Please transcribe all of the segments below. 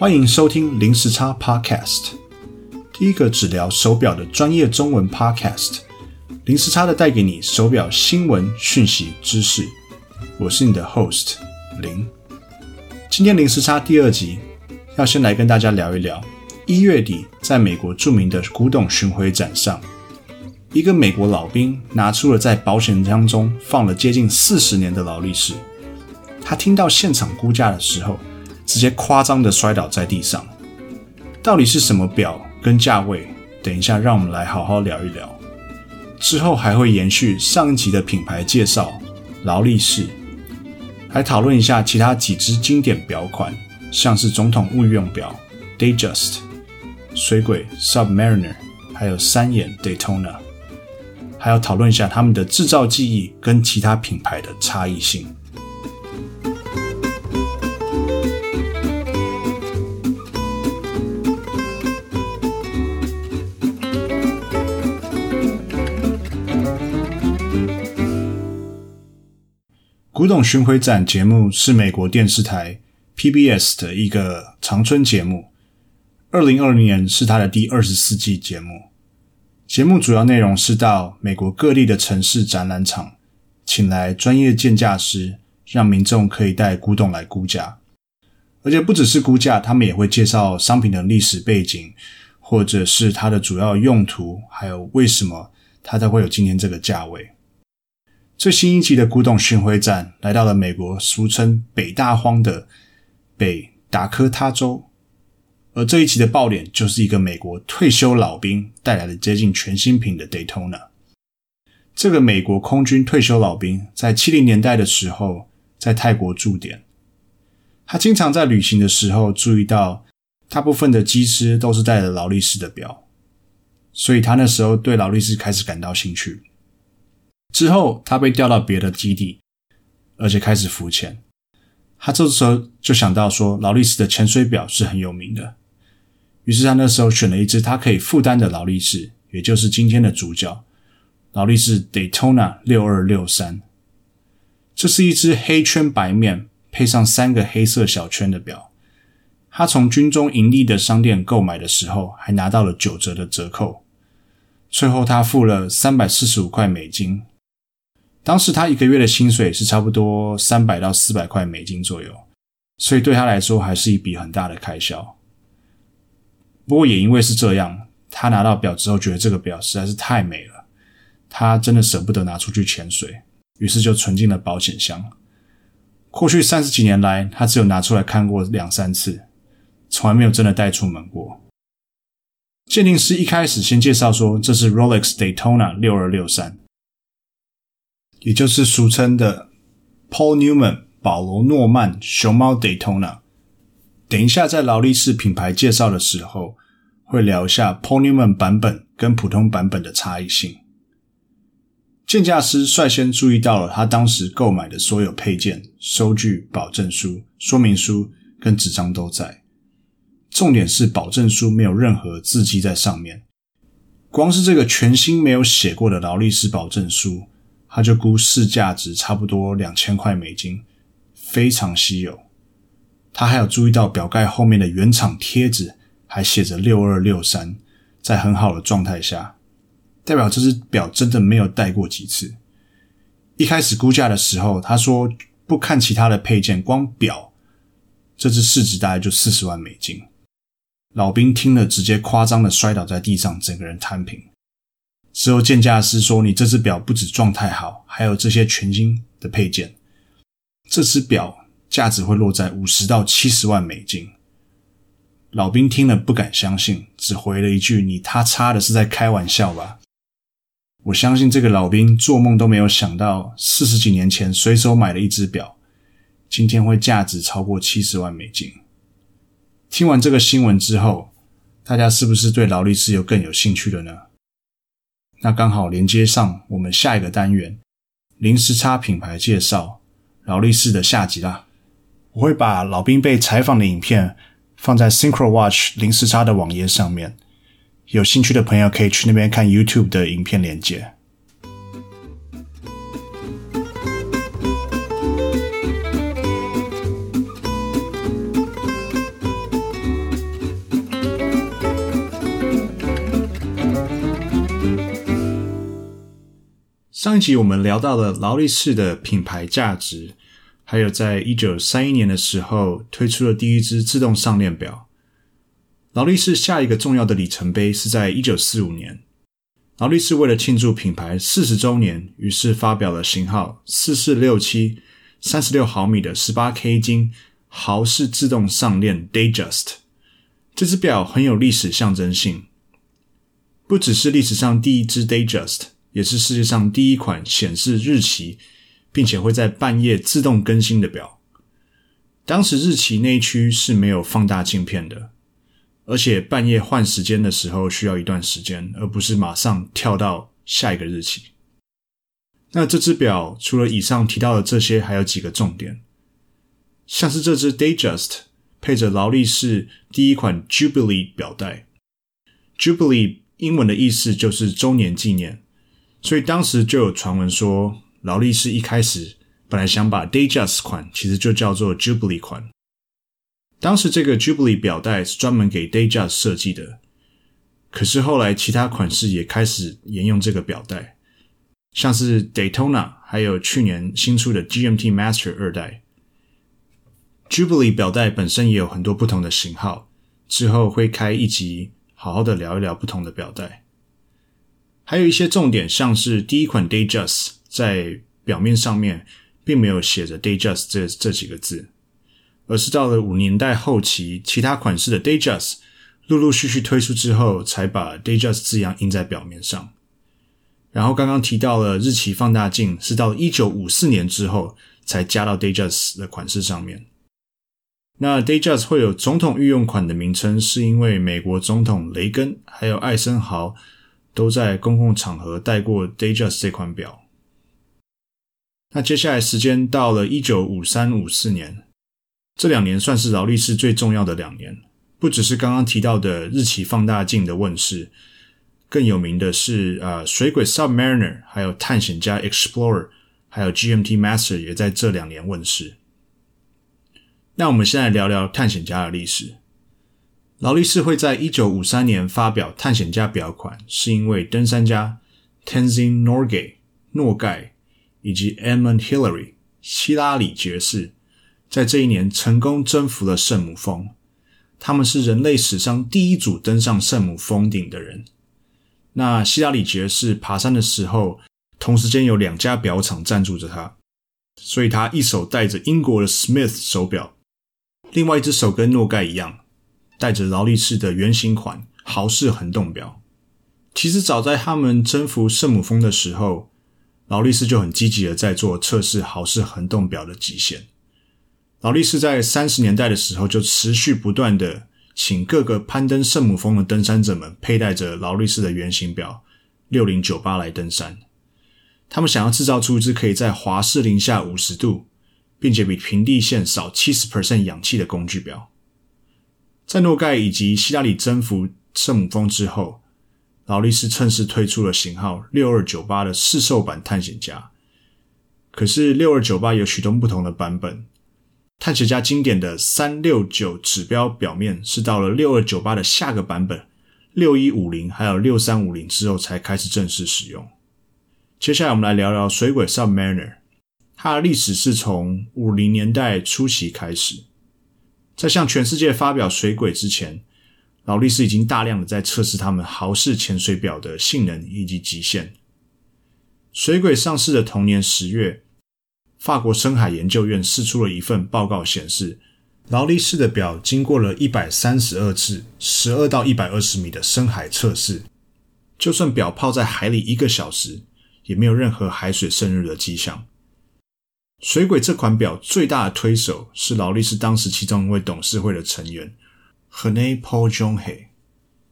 歡迎收聽《臨時差》Podcast，第一個只聊手錶的專業中文 Podcast，《臨時差》的帶給你手錶新聞、訊息、知識。我是你的 Host 林。今天《臨時差》第二集，要先來跟大家聊一聊，一月底在美國著名的古董巡迴展上，一個美國老兵拿出了在保險箱中放了接近四十年的勞力士，他聽到現場估價的時候，直接誇張地摔倒在地上，到底是什麼錶跟價位？等一下，讓我們來好好聊一聊。之後還會延續上一集的品牌介紹，勞力士，還討論一下其他幾只經典錶款，像是總統御用錶 Datejust、水鬼 Submariner，還有三眼 Daytona，還要討論一下他們的制造技藝跟其他品牌的差異性。古董巡回展節目是美國電視台 PBS 的一個長春節目。二零二零年是它的第二十四季節目。節目主要內容是到美國各地的城市展覽場，請來專業鑑價師，讓民眾可以帶古董來估價。而且不只是估價，他們也會介紹商品的歷史背景，或者是它的主要用途，還有為什麼它才會有今天這個價位。最新一集的古董巡迴展，來到了美國，俗稱“北大荒”的北達科他州，而這一集的爆點就是一個美國退休老兵帶來了接近全新品的 Daytona。這個美國空軍退休老兵在七零年代的時候在泰國駐點，他經常在旅行的時候注意到大部分的機師都是帶着勞力士的錶，所以他那時候對勞力士開始感到興趣。之後，他被調到別的基地，而且開始浮潛。他這時候就想到說，勞力士的潛水錶是很有名的。於是他那時候選了一隻他可以負擔的勞力士，也就是今天的主角——勞力士 Daytona 六二六三。這是一隻黑圈白面，配上三個黑色小圈的錶。他從軍中盈利的商店購買的時候，還拿到了九折的折扣。最後他付了三百四十五塊美金。當時他一個月的薪水是差不多三百到四百塊美金左右，所以對他來說還是一筆很大的開銷。不過也因為是這樣，他拿到表之後覺得這個表實在是太美了，他真的舍不得拿出去潛水，於是就存進了保險箱。過去三十幾年來，他只有拿出來看過兩三次，從來沒有真的帶出門過。鑑定師一開始先介紹說，這是 Rolex Daytona 六二六三。也就是俗稱的 Paul Newman 保、保羅諾曼熊貓 Daytona。等一下，在勞力士品牌介紹的時候，會聊一下 Paul Newman 版本跟普通版本的差異性。鑑價師率先注意到了，他當時購買的所有配件、收據、保證書、說明書跟紙張都在。重點是保證書沒有任何字跡在上面，光是這個全新沒有寫過的勞力士保證書。他就估市價值差不多兩千塊美金，非常稀有。他還有注意到表蓋後面的原廠貼紙，還寫着六二六三，在很好的狀態下，代表這隻表真的沒有戴過幾次。一開始估價的時候，他說不看其他的配件，光表，這隻市值大概就四十萬美金。老兵聽了直接誇張的摔倒在地上，整個人攤平。之後，鑑價師說：“你這只表不止狀態好，還有這些全新的配件，這只表價值會落在五十到七十萬美金。”老兵聽了不敢相信，只回了一句：“你他擦的，是在開玩笑吧？”我相信這個老兵做夢都沒有想到，四十幾年前隨手買了一只表，今天會價值超過七十萬美金。聽完這個新聞之後，大家是不是對勞力士有更有興趣了呢？那剛好連接上我們下一個單元，臨時差品牌介紹，勞力士的下集啦。我會把老兵被採訪的影片放在 Syncro Watch 臨時差的網頁上面，有興趣的朋友可以去那邊看 YouTube 的影片連接。上一集我們聊到了勞力士的品牌價值，還有在一九三一年的時候推出了第一隻自動上鏈錶。勞力士下一個重要的里程碑是在一九四五年，勞力士為了慶祝品牌四十週年，於是發表了型號四四六七三十六毫米的十八 K 金蠔式自動上鏈 Datejust。這隻錶很有歷史象徵性，不只是歷史上第一隻 Datejust。也是世界上第一款顯示日期，並且會在半夜自動更新的錶。當時日期內區是沒有放大鏡片的，而且半夜換時間的時候需要一段時間，而不是馬上跳到下一個日期。那這隻錶除了以上提到的這些，還有幾個重點，像是這隻 Datejust 配着勞力士第一款 Jubilee 錶帶。Jubilee 英文的意思就是週年紀念。所以當時就有傳聞說，勞力士一開始本來想把 Datejust 款其實就叫做 Jubilee 款。當時這個 Jubilee 錶帶是專門給 Datejust 設計的，可是後來其他款式也開始沿用這個錶帶，像是 Daytona，還有去年新出的 GMT Master 二代。Jubilee 錶帶本身也有很多不同的型號，之後會開一集好好的聊一聊不同的錶帶。還有一些重點，像是第一款 Datejust 在錶面上面並沒有寫着 Datejust 這這幾個字，而是到了五年代後期，其他款式的 Datejust 陸陸續續推出之後，才把 Datejust 字樣印在錶面上。然後剛剛提到了日期放大鏡，是到一九五四年之後才加到 Datejust 的款式上面。那 Datejust 會有總統御用款的名稱，是因為美國總統雷根還有艾森豪。都在公共場合戴過 Datejust 這款表。那接下來時間到了1953、54年，這兩年算是勞力士最重要的兩年，不只是剛剛提到的日期放大鏡的問世，更有名的是呃水鬼 Submariner，還有探險家 Explorer，還有 GMT Master 也在這兩年問世。那我們現在聊聊探險家的歷史。勞力士會在一九五三年發表探險家表款，是因為登山家 Tenzing Norgay 諾蓋以及 Edmund Hillary 希拉里爵士，在這一年成功征服了聖母峰，他們是人類史上第一組登上聖母峰頂的人。那希拉里爵士爬山的時候，同時間有兩家表廠贊助着他，所以他一手戴着英國的 Smith 手錶，另外一隻手跟諾蓋一樣，帶着勞力士的原型款蠔式恆動表，其實早在他們征服聖母峰的時候，勞力士就很積極的在做測試蠔式恆動表的極限。勞力士在三十年代的時候就持續不斷的請各個攀登聖母峰的登山者們佩戴着勞力士的原型表六零九八來登山，他們想要制造出一支可以在華氏零下五十度，並且比平地線少七十 percent 氧氣的工具表。在諾蓋以及希拉里征服聖母峰之後，勞力士趁勢推出了型號6298的市售版探險家。可是6298有許多不同的版本，探險家經典的369指標表面是到了6298的下個版本6150，還有6350之後才開始正式使用。接下來我們來聊聊水鬼 Submariner，它的歷史是從50年代初期開始。在向全世界發表水鬼之前，勞力士已經大量的在測試他們蠔式潛水錶的性能以及極限。水鬼上市的同年十月，法國深海研究院釋出了一份報告顯，顯示勞力士的錶經過了一百三十二次十二到一百二十米的深海測試，就算錶泡在海裡一個小時，也沒有任何海水滲入的跡象。水鬼這款表最大的推手是勞力士當時其中一位董事會的成員 René-Paul Jeanneret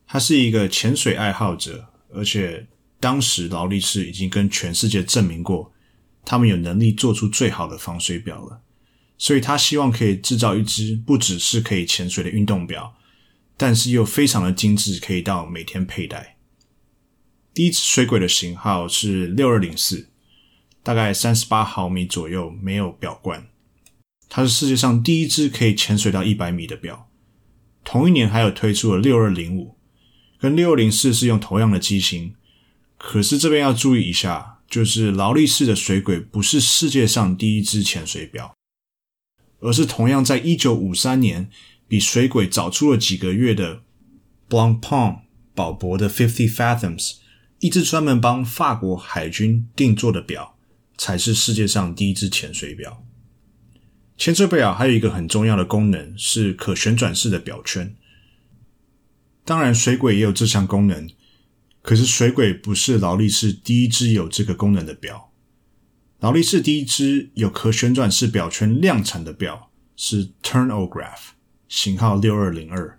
他是一個潛水愛好者，而且當時勞力士已經跟全世界證明過，他們有能力做出最好的防水表了，所以他希望可以制造一支不只是可以潛水的運動表，但是又非常的精致，可以到每天佩戴。第一只水鬼的型號是六二零四，大概三十八毫米左右，沒有錶冠。它是世界上第一隻可以潛水到一百米的錶。同一年還有推出了六二零五，跟六二零四是用同樣的機型。可是這邊要注意一下，就是勞力士的水鬼不是世界上第一隻潛水錶，而是同樣在一九五三年比水鬼早出了幾個月的 Blancpain 寶珀的 Fifty Fathoms，一隻專門幫法國海軍定做的錶。才是世界上第一隻潛水錶。潛水錶啊，還有一個很重要的功能是可旋轉式的錶圈。當然，水鬼也有這項功能，可是水鬼不是勞力士第一隻有這個功能的錶。勞力士第一隻有可旋轉式錶圈量產的錶是 Turn-O-Graph 型號六二零二。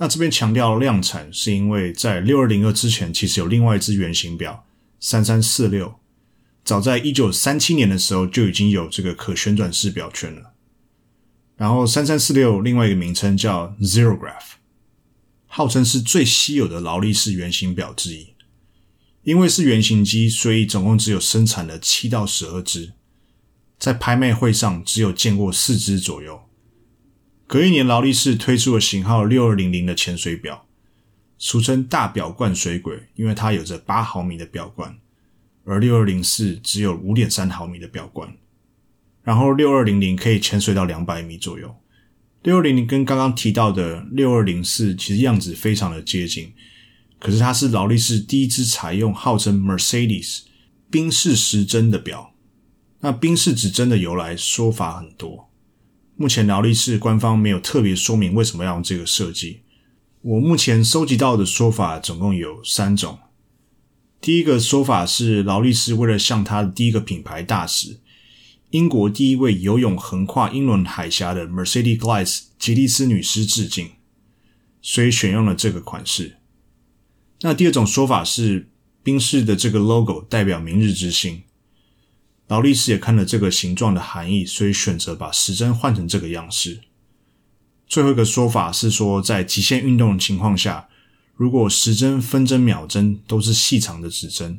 那這邊強調量產，是因為在六二零二之前，其實有另外一隻原型錶三三四六。早在一九三七年的時候，就已經有這個可旋轉式表圈了。然後三三四六，另外一個名稱叫 Zero Graph，號稱是最稀有的勞力士原型表之一。因為是原型機，所以總共只有生產了七到十二隻，在拍賣會上只有見過四隻左右。隔一年，勞力士推出了型號六二零零的潛水表，俗稱大表冠水鬼，因為它有着八毫米的表冠。而6204只有5.3毫米的錶冠，然後6200可以潛水到200米左右。6200跟剛剛提到的6204其實樣子非常的接近，可是它是勞力士第一支採用號稱 Mercedes 賓士時針的錶。那賓士指針的由來說法很多，目前勞力士官方沒有特別說明為什麼要用這個設計。我目前收集到的說法總共有三種。第一個說法是，勞力士為了向他的第一個品牌大使、英國第一位游泳橫跨英倫海峽的 Mercedes Gleitze 吉利斯女士致敬，所以選用了這個款式。那第二種說法是，賓士的這個 logo 代表明日之星，勞力士也看了這個形狀的含義，所以選擇把時針換成這個樣式。最後一個說法是說，在極限運動的情況下。如果時針、分針、秒針都是細長的指針，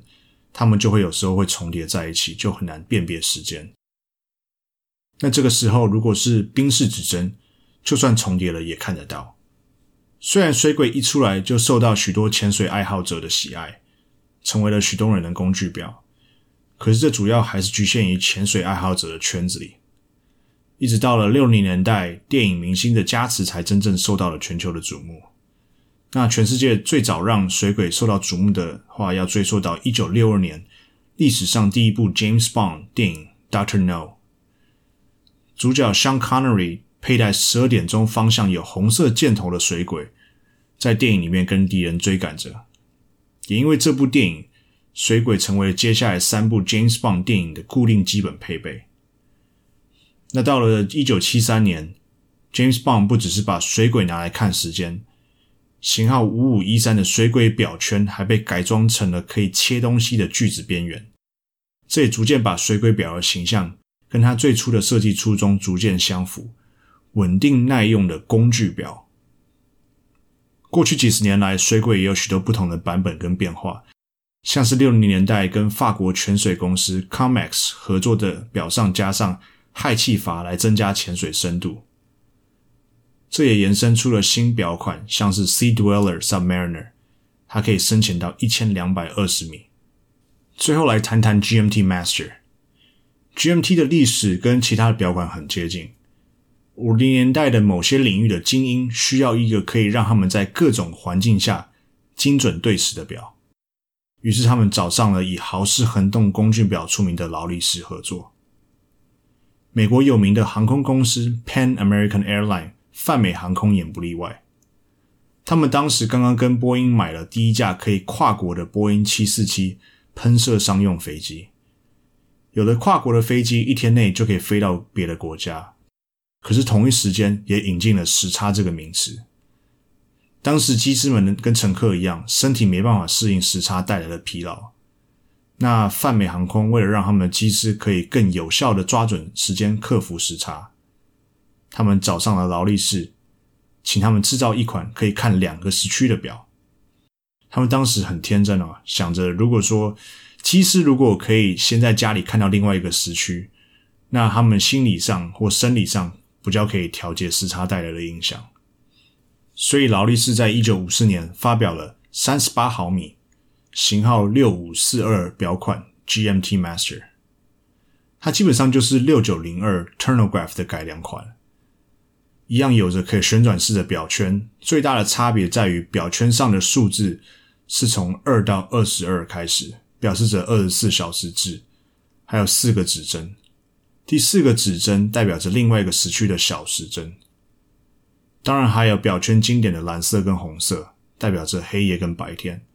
它們就會有時候會重疊在一起，就很難辨別時間。那這個時候，如果是賓士指針，就算重疊了也看得到。雖然水鬼一出來就受到許多潛水愛好者的喜愛，成為了許多人的工具表，可是這主要還是局限於潛水愛好者的圈子裡。一直到了六零年代，電影明星的加持才真正受到了全球的矚目。那全世界最早讓水鬼受到矚目的話，要追溯到一九六二年，歷史上第一部 James Bond 電影《Doctor No》，主角 Sean Connery 佩戴十二點鐘方向有紅色箭頭的水鬼，在電影裡面跟敵人追趕着，也因為這部電影，水鬼成為接下來三部 James Bond 電影的固定基本配備。那到了一九七三年，James Bond 不只是把水鬼拿來看時間。型號五五一三的水鬼錶圈還被改裝成了可以切東西的鋸子邊緣，這也逐漸把水鬼錶的形象跟它最初的設計初衷逐漸相符，穩定耐用的工具錶。過去幾十年來，水鬼也有許多不同的版本跟變化，像是六零年代跟法國潛水公司 Comex 合作的錶上加上氦氣閥來增加潛水深度。這也延伸出了新表款，像是 Sea Dweller Submariner，它可以深潛到一千兩百二十米。最後來談談 GMT Master。GMT 的歷史跟其他的表款很接近。五零年代的某些領域的精英需要一個可以讓他們在各種環境下精準對時的表，於是他們找上了以蠔式恆動工具表出名的勞力士合作。美國有名的航空公司 Pan American Airline。泛美航空也不例外，他們當時剛剛跟波音買了第一架可以跨國的波音七四七噴射商用飛機，有的跨國的飛機，一天內就可以飛到別的國家。可是同一時間也引進了時差這個名詞。當時機師們跟乘客一樣，身體沒辦法適應時差帶來的疲勞。那泛美航空為了讓他們的機師可以更有效地抓準時間克服時差。他們找上了勞力士，請他們製造一款可以看兩個時區的錶。他們當時很天真啊，想着如果說，其實如果可以先在家裡看到另外一個時區，那他們心理上或生理上不就可以調節時差帶來的影響？所以勞力士在一九五四年發表了三十八毫米型號六五四二錶款 GMT Master，它基本上就是六九零二 Turn-O-Graph 的改良款。一樣有着可以旋轉式的錶圈，最大的差別在於錶圈上的數字是從二到二十二開始，表示着二十四小時制，還有四個指針，第四個指針代表着另外一個時區的小時針。當然還有錶圈經典的藍色跟紅色，代表着黑夜跟白天。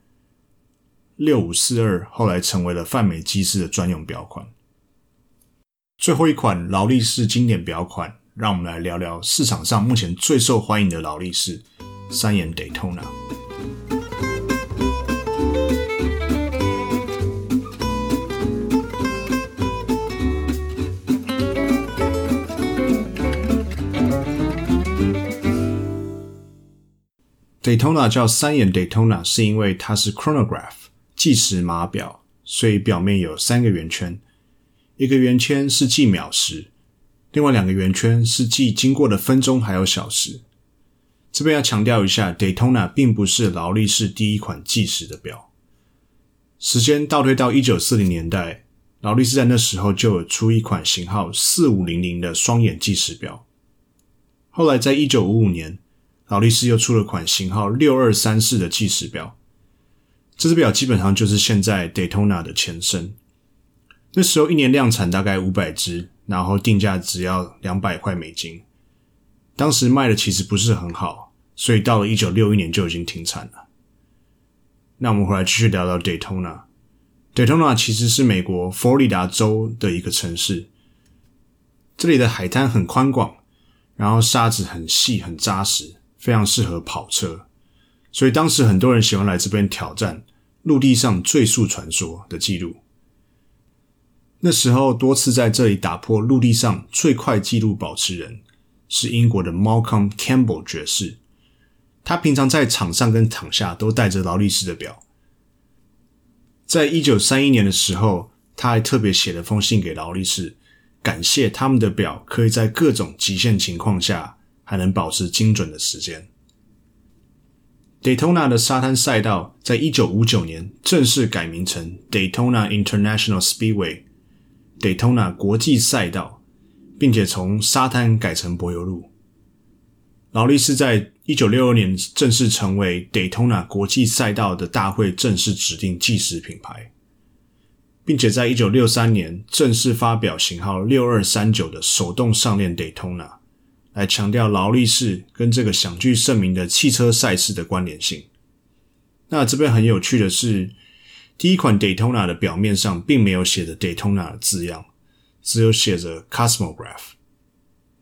六五四二後來成為了泛美機師的專用錶款。最後一款勞力士經典錶款。讓我們來聊聊市場上目前最受歡迎的勞力士三眼 Daytona。Daytona 叫三眼 Daytona，是因為它是 chronograph 計時碼錶，所以表面有三個圓圈，一個圓圈是計秒時。另外兩個圓圈是計經過的分鐘還有小時。這邊要強調一下，Daytona 並不是勞力士第一款計時的錶。時間倒退到一九四零年代，勞力士在那時候就有出一款型號四五零零的雙眼計時錶。後來在一九五五年，勞力士又出了款型號六二三四的計時錶。這只錶基本上就是現在 Daytona 的前身。那時候一年量產大概五百隻，然後定價只要兩百塊美金。當時賣的其實不是很好，所以到了一九六一年就已經停產了。那我們回來繼續聊聊 Daytona。Daytona 其實是美國佛羅里達州的一個城市，這裡的海灘很寬廣，然後沙子很細很扎實，非常適合跑車。所以當時很多人喜歡來這邊挑戰陸地上最速傳說的記錄。那時候多次在這裡打破陸地上最快紀錄保持人是英國的 Malcolm Campbell 爵士。他平常在場上跟場下都帶着勞力士的錶。在一九三一年的時候，他還特別寫了封信給勞力士，感謝他們的錶可以在各種極限情況下還能保持精準的時間。Daytona 的沙灘賽道在一九五九年正式改名成 Daytona International Speedway。Daytona 國際賽道，並且從沙灘改成柏油路。勞力士在一九六二年正式成為 Daytona 國際賽道的大會正式指定計時品牌，並且在一九六三年正式發表型號六二三九的手動上鏈 Daytona，來強調勞力士跟這個享譽盛名的汽車賽事的關聯性。那這邊很有趣的是，第一款 Daytona 的表面上並沒有寫着 Daytona 的字樣，只有寫着 Cosmograph。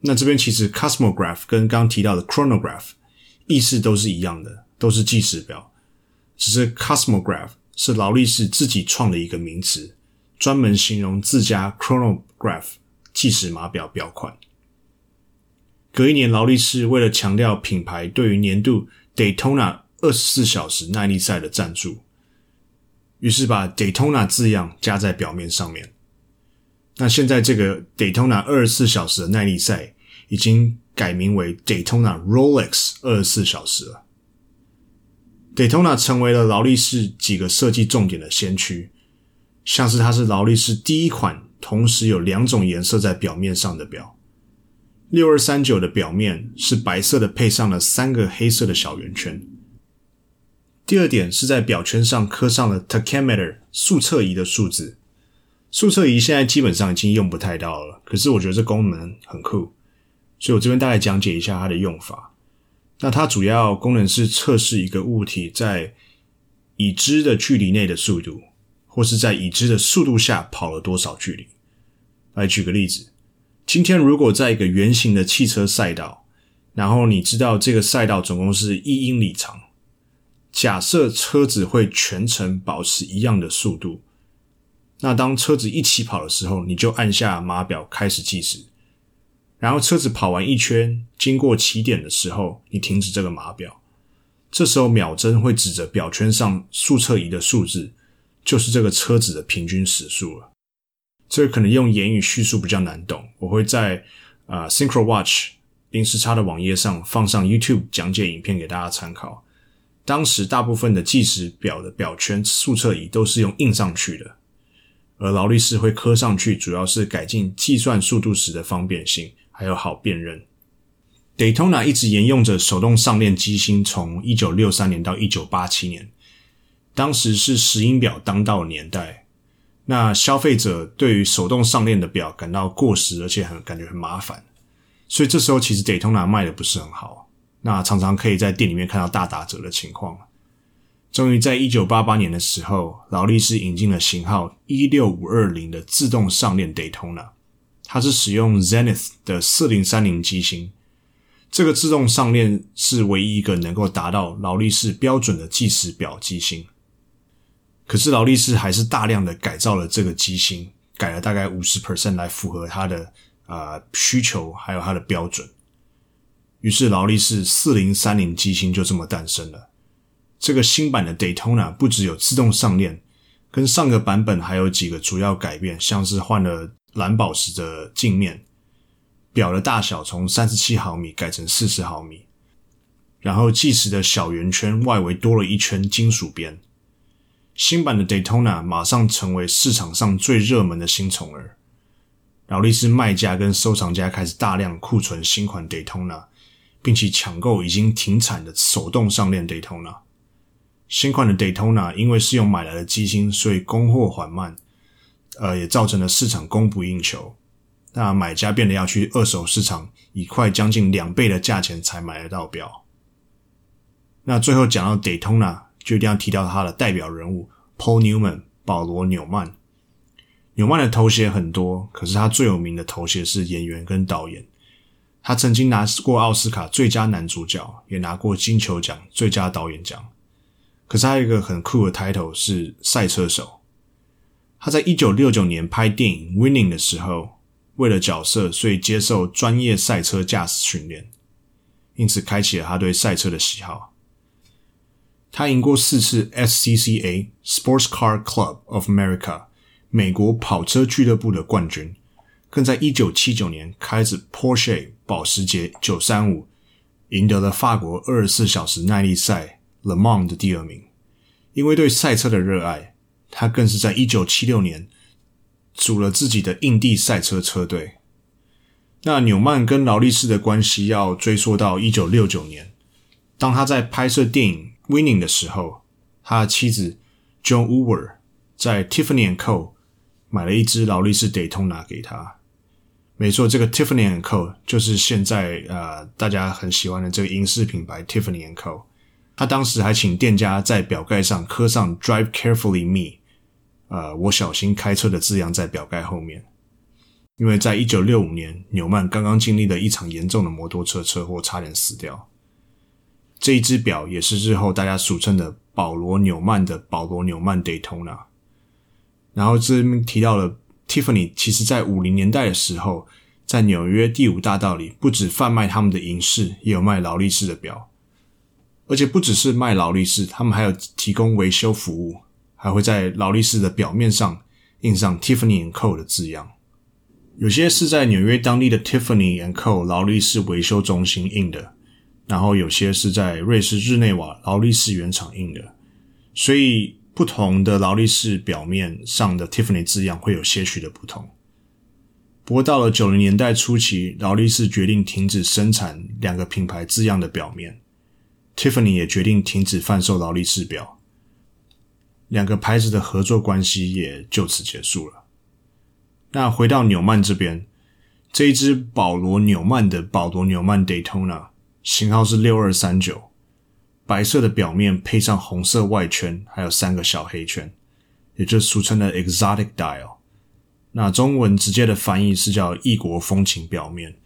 那這邊其實 Cosmograph 跟剛剛提到的 Chronograph 意思都是一樣的，都是計時表。只是 Cosmograph 是勞力士自己創的一個名詞，專門形容自家 Chronograph 計時碼表表款。隔一年，勞力士為了強調品牌對於年度 Daytona 二十四小時耐力賽的贊助，於是把 Daytona 字樣加在表面上面。那現在這個 Daytona 二十四小時的耐力賽已經改名為 Daytona Rolex 二十四小時了。Daytona 成為了勞力士幾個設計重點的先驅，像是它是勞力士第一款同時有兩種顏色在表面上的表，六二三九的表面是白色的，配上了三個黑色的小圓圈。第二點是在錶圈上刻上了 tachometer 速測儀的數字。速測儀現在基本上已經用不太到了，可是我覺得這功能很酷，所以我這邊大概講解一下它的用法。那它主要功能是測試一個物體在已知的距離內的速度，或是在已知的速度下跑了多少距離。來舉個例子，今天如果在一個圓形的汽車賽道，然後你知道這個賽道總共是一英里長。假設車子會全程保持一樣的速度，那當車子一起跑的時候，你就按下碼表開始計時，然後車子跑完一圈，經過起點的時候，你停止這個碼表，這時候秒針會指着表圈上速測儀的數字，就是這個車子的平均時速了。這個可能用言語敘述比較難懂，我會在啊、呃、，Synchro Watch 臨時差的網頁上放上 YouTube 講解影片給大家參考。當時大部分的計時表的表圈速測儀，都是用印上去的，而勞力士會刻上去，主要是改進計算速度時的方便性，還有好辨認。Daytona 一直沿用着手動上鏈機芯，從一九六三年到一九八七年。當時是石英表當道的年代，那消費者對於手動上鏈的表感到過時，而且很感覺很麻煩，所以這時候其實 Daytona 賣的不是很好。那常常可以在店裡面看到大打折的情況。終於在一九八八年的時候，勞力士引進了型號一六五二零的自動上鏈 Daytona，它是使用 Zenith 的四零三零機芯。這個自動上鏈是唯一一個能夠達到勞力士標準的計時表機芯。可是勞力士還是大量的改造了這個機芯，改了大概五十 percent 來符合它的啊、呃、需求，還有它的標準。於是勞力士4030機芯就這麼誕生了。這個新版的 Daytona 不只有自動上鏈，跟上個版本還有幾個主要改變，像是換了藍寶石的鏡面，錶的大小從三十七毫米改成四十毫米，然後計時的小圓圈外圍多了一圈金屬邊。新版的 Daytona 馬上成為市場上最熱門的新寵兒，勞力士賣家跟收藏家開始大量庫存新款 Daytona。並且搶購已經停產的手動上鏈 Daytona 新款的 Daytona 因為是用買來的機芯，所以供貨緩慢，呃，也造成了市場供不應求。那買家變得要去二手市場，以快將近兩倍的價錢才買得到表。那最後講到 Daytona，就一定要提到他的代表人物 Paul Newman 保羅紐曼。紐曼的頭銜很多，可是他最有名的頭銜是演員跟導演。他曾經拿過奧斯卡最佳男主角，也拿過金球獎最佳導演獎。可是他有一個很酷的 title 是賽車手。他在一九六九年拍電影《Winning》的時候，為了角色，所以接受專業賽車駕駛訓練，因此開啟了他對賽車的喜好。他贏過四次 SCCA, Sports Car Club of America, 美國跑車俱樂部的冠軍，更在一九七九年開著 Porsche。保時捷935贏得了法國二十四小時耐力賽 Le Mans 的第二名。因為對賽車的熱愛，他更是在一九七六年組了自己的印地賽車車隊。那紐曼跟勞力士的關係要追溯到一九六九年，當他在拍攝電影《Winning》的時候，他的妻子 Joan Hoover 在 Tiffany & Co. 買了一只勞力士 Daytona 給他。沒錯，這個 Tiffany and Co 就是現在呃大家很喜歡的這個銀飾品牌 Tiffany and Co。他當時還請店家在表蓋上刻上 Drive carefully me，呃，我小心開車的字樣在表蓋後面。因為在一九六五年，紐曼剛剛經歷了一場嚴重的摩托車車禍，差點死掉。這一隻表也是日後大家俗稱的保羅紐曼的保羅紐曼 Daytona。然後這裡面提到了。Tiffany 其實，在五零年代的時候，在紐約第五大道裡，不止販賣他們的銀飾，也有賣勞力士的表。而且不只是賣勞力士，他們還有提供維修服務，還會在勞力士的表面上印上 Tiffany and Co. 的字樣。有些是在紐約當地的 Tiffany and Co. 勞力士維修中心印的，然後有些是在瑞士日內瓦勞力士原廠印的。所以。不同的勞力士表面上的 Tiffany 字樣會有些許的不同。不過到了九零年代初期，勞力士決定停止生產兩個品牌字樣的表面，Tiffany 也決定停止販售勞力士表，兩個牌子的合作關係也就此結束了。那回到紐曼這邊，這一只保羅紐曼的保羅紐曼 Daytona 型號是六二三九。白色的錶面配上紅色外圈，還有三個小黑圈，也就是俗稱的 “exotic dial”。那中文直接的翻譯是叫“異國風情錶面”。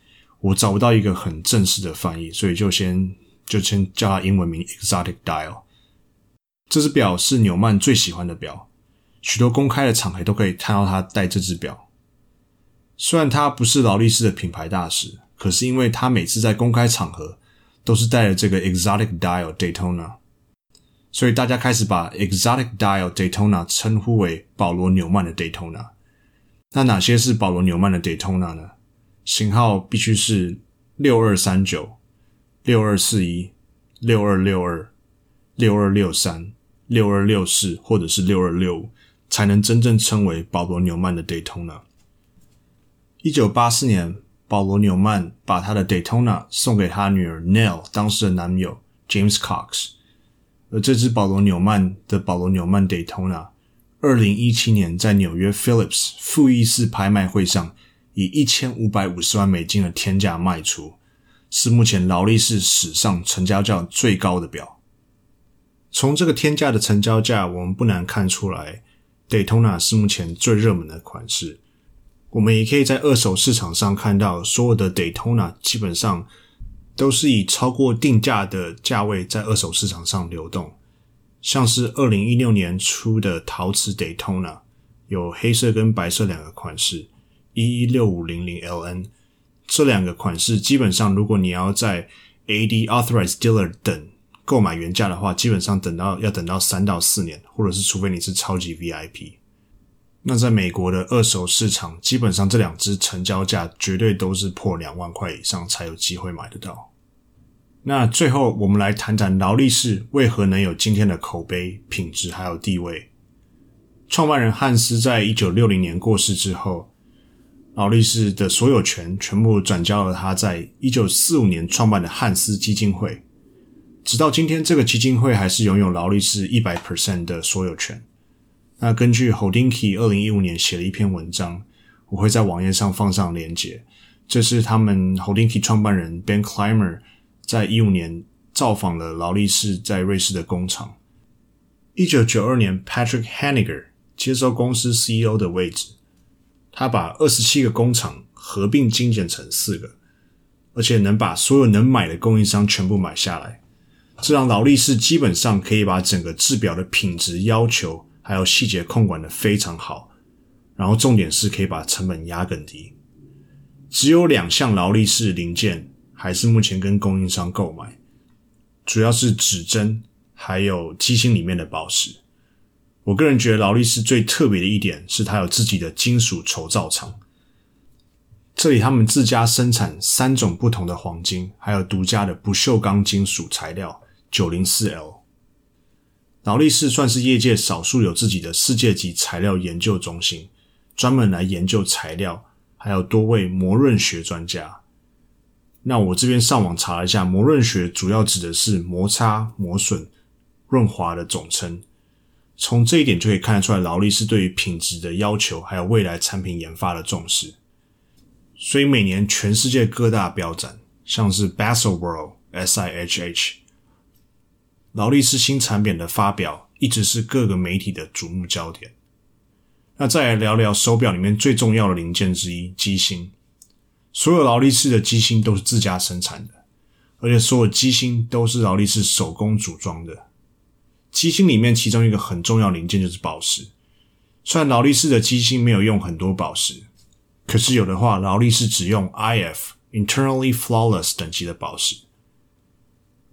我找不到一個很正式的翻譯，所以就先就先叫它英文名 “exotic dial”。這隻錶是紐曼最喜歡的錶，許多公開的場合都可以看到他戴這隻錶。雖然他不是勞力士的品牌大使，可是因為他每次在公開場合，都是帶着這個 Exotic Dial Daytona，所以大家開始把 Exotic Dial Daytona 稱呼為保羅紐曼的 Daytona。那哪些是保羅紐曼的 Daytona 呢？型號必須是六二三九、六二四一、六二六二、六二六三、六二六四或者是六二六五，才能真正稱為保羅紐曼的 Daytona。一九八四年。保羅紐曼把他的 Daytona 送給他女兒 Nell 當時的男友 James Cox，而這只保羅紐曼的保羅紐曼 Daytona，二零一七年在紐約 Phillips 富藝斯拍賣會上以一千五百五十萬美金的天價賣出，是目前勞力士史上成交價最高的表。從這個天價的成交價，我們不難看出來 Daytona 是目前最熱門的款式。我們也可以在二手市場上看到，所有的 Daytona 基本上都是以超過定價的價位在二手市場上流動。像是二零一六年出的陶瓷 Daytona，有黑色跟白色兩個款式，一一六五零零 LN。這兩個款式基本上，如果你要在 AD Authorized Dealer 等購買原價的話，基本上等到要等到三到四年，或者是除非你是超級 VIP。那在美國的二手市場，基本上這兩隻成交價絕對都是破兩萬塊以上才有機會買得到。那最後，我們來談談勞力士為何能有今天的口碑、品質還有地位。創辦人漢斯在一九六零年過世之後，勞力士的所有權全部轉交了他在一九四五年創辦的漢斯基金會，直到今天，這個基金會還是擁有勞力士一百 percent 的所有權。那根據 Hodinkee 二零一五年寫了一篇文章，我會在網頁上放上鏈接。這是他們 Hodinkee 創辦人 Ben Clymer 在一五年造訪了勞力士在瑞士的工廠。一九九二年，Patrick Henniger 接收公司 CEO 的位置，他把二十七個工廠合併精簡成四個，而且能把所有能買的供應商全部買下來，這讓勞力士基本上可以把整個製錶的品質要求。還有細節控管的非常好，然後重點是可以把成本壓更低。只有兩項勞力士零件還是目前跟供應商購買，主要是指針，還有機芯裡面的寶石。我個人覺得勞力士最特別的一點是它有自己的金屬鑄造廠，這裡他們自家生產三種不同的黃金，還有獨家的不鏽鋼金屬材料 904L。勞力士算是業界少數有自己的世界級材料研究中心，專門來研究材料，還有多位磨潤學專家。那我這邊上網查了一下，磨潤學主要指的是摩擦、磨損、潤滑的總稱。從這一點就可以看得出來，勞力士對於品質的要求，還有未來產品研發的重視。所以每年全世界各大表展，像是 Baselworld、SIHH, 勞力士新產品的發表一直是各個媒體的矚目焦點。那再來聊聊手表裡面最重要的零件之一——機芯。所有勞力士的機芯都是自家生產的，而且所有機芯都是勞力士手工組裝的。機芯裡面其中一個很重要零件就是寶石。雖然勞力士的機芯沒有用很多寶石，可是有的話，勞力士只用 IF（Internally Flawless） 等級的寶石。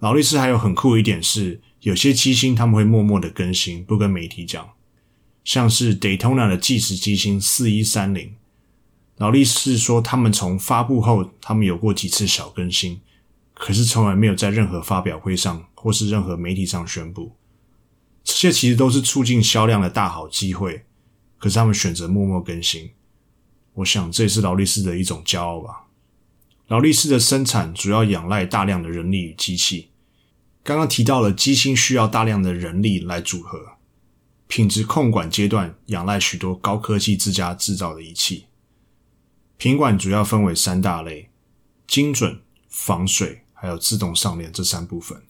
勞力士還有很酷一點是，有些機芯他們會默默的更新，不跟媒體講。像是 Daytona 的計時機芯四一三零，勞力士說他們從發布後，他們有過幾次小更新，可是從來沒有在任何發表會上或是任何媒體上宣布。這些其實都是促進銷量的大好機會，可是他們選擇默默更新。我想這也是勞力士的一種驕傲吧。勞力士的生產主要仰賴大量的人力與機器。剛剛提到了機芯需要大量的人力來組合，品質控管階段仰賴許多高科技自家制造的儀器。品管主要分為三大類：精準、防水，還有自動上鏈這三部分。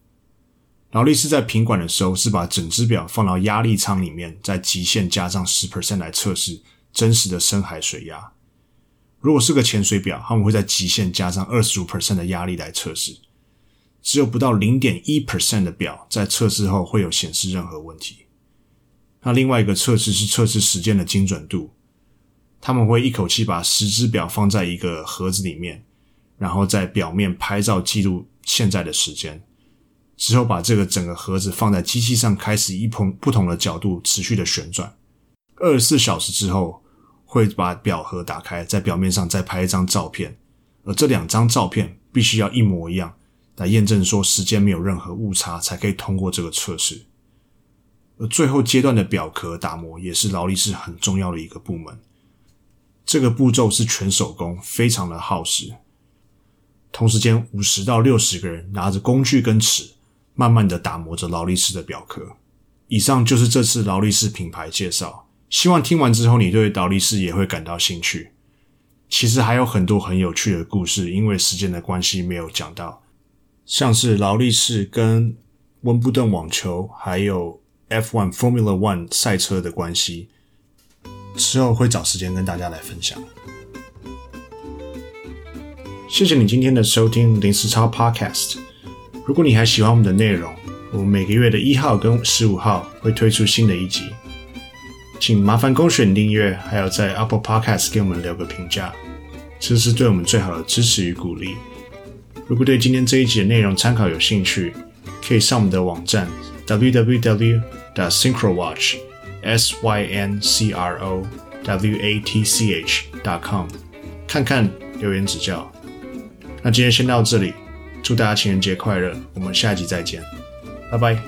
勞力士在品管的時候是把整只表放到壓力艙裡面，在極限加上十 percent 來測試真實的深海水壓。如果是個潛水表，他們會在極限加上二十五 percent 的壓力來測試。只有不到零點一 percent 的錶在測試後會有顯示任何問題。那另外一個測試是測試時間的精準度，他們會一口氣把十支錶放在一個盒子裡面，然後在錶面拍照記錄現在的時間，之後把這個整個盒子放在機器上開始以不同的角度持續的旋轉，二十四小時之後會把錶盒打開，在錶面上再拍一張照片，而這兩張照片必須要一模一樣。來驗證說時間沒有任何誤差，才可以通過這個測試。而最後階段的表殼打磨也是勞力士很重要的一個部門。這個步驟是全手工，非常的耗時。同時間，五十到六十個人拿着工具跟尺，慢慢的打磨着勞力士的表殼。以上就是這次勞力士品牌介紹，希望聽完之後你對勞力士也會感到興趣。其實還有很多很有趣的故事，因為時間的關係沒有講到。像是勞力士跟溫布頓網球，還有 F1 Formula One 賽車的關係，之後會找時間跟大家來分享。謝謝你今天的收聽《臨時差 Podcast》。如果你還喜歡我們的內容，我們每個月的一號跟十五號會推出新的一集，請麻煩勾選訂閱，還有在 Apple Podcast 給我們留個評價，這是對我們最好的支持與鼓勵。如果對今天這一集的內容參考有興趣，可以上我們的網站 www. syncrowatch. s y n c r o w a t c h. dot com 看看，留言指教。那今天先到這裡，祝大家情人節快樂，我們下集再見，拜拜。